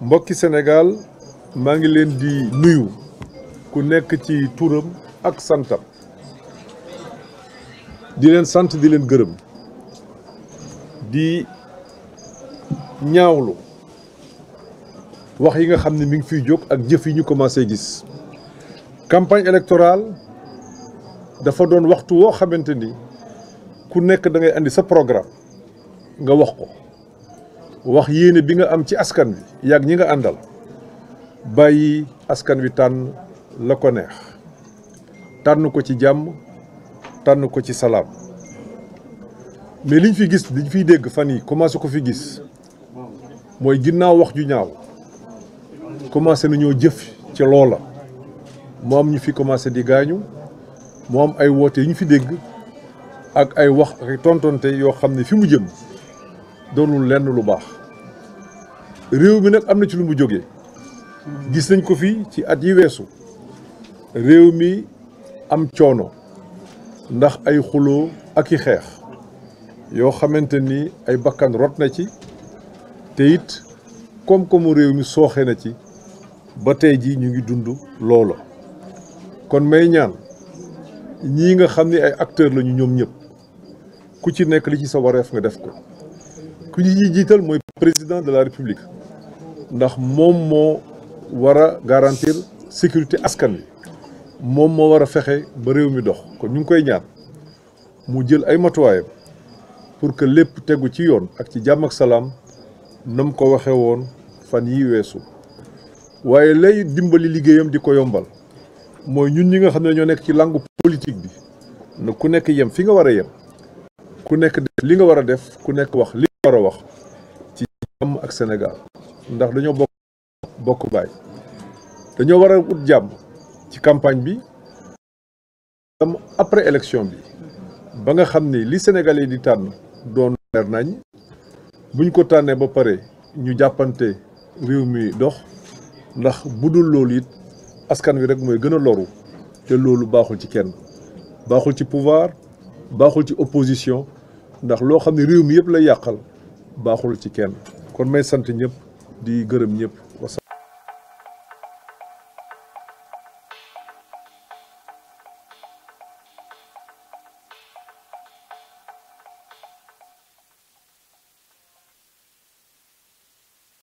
mbokki Sénégal maa ngi leen di nuyu ku nekk ci tuuram ak santam di leen sant di leen gërëm di ñaawlu wax yi nga xam ni mi ngi fiy jóg ak jëf yi ñu commencé gis campagne électorale dafa doon waxtu woo xamante ni ku nekk da ngay andi sa programme nga wax ko wax yéene bi nga am ci askan wi yàgg ñi nga àndal bàyyi askan wi tànn la ko neex tànn ko ci jàmm tànn ko ci salaam mais liñ fi gis liñ fiy dégg fan yi commencé ko fi gis mooy ginnaaw wax ju ñaaw commencé nañoo jëf ci loola moo am ñu fi commencé di gaañu mu am ay woote yu ñu fi dégg ak ay wax ak tontonte yoo xam ne fi mu jën doonul lenn lu baax réew mi nag am na ci lu mu jógee gis nañ ko fii ci at yi weesu réew mi am coono ndax ay xuloo ak i xeex yoo xamante ni ay bakkan rot na ci te it koom réew mi sooxee na ci ba tey ji ñu ngi dund loola kon may ñaan ñii nga xam ni ay acteurs lañu ñoom ñëpp ku ci nekk li ci sa wareef nga def ko ku ñu jiital mooy président de la république ndax moom moo war a garantir sécurité askan wi moom moo war a fexe ba réew mi dox kon ñu ngi koy ñaar mu jël ay matuwaayam pour que lépp tegu ci yoon ak ci jàmm ak salaam nam ko waxe woon fan yi weesu waaye lay dimbali liggéeyam di ko yombal mooy ñun ñi nga xam ne ñoo nekk ci langue politique bi nag ku nekk yem fi nga war a yem ku nekk def li nga war a def ku nekk wax war wax ci jàmm ak Sénégal ndax dañoo bokk baay dañoo waral ut jàmm ci campagne bi après élection bi ba nga xam ni li Sénégalais di tànn doon leer nañ buñ ko tànnee ba pare ñu jàppante réew mi dox ndax bu dul loolu it askan wi rek mooy gën a loru te loolu baaxul ci kenn baaxul ci pouvoir baaxul ci opposition ndax loo xam ne réew mi yëpp lay yàqal baaxul ci kenn kon may sant ñëpp di gërëm ñëpp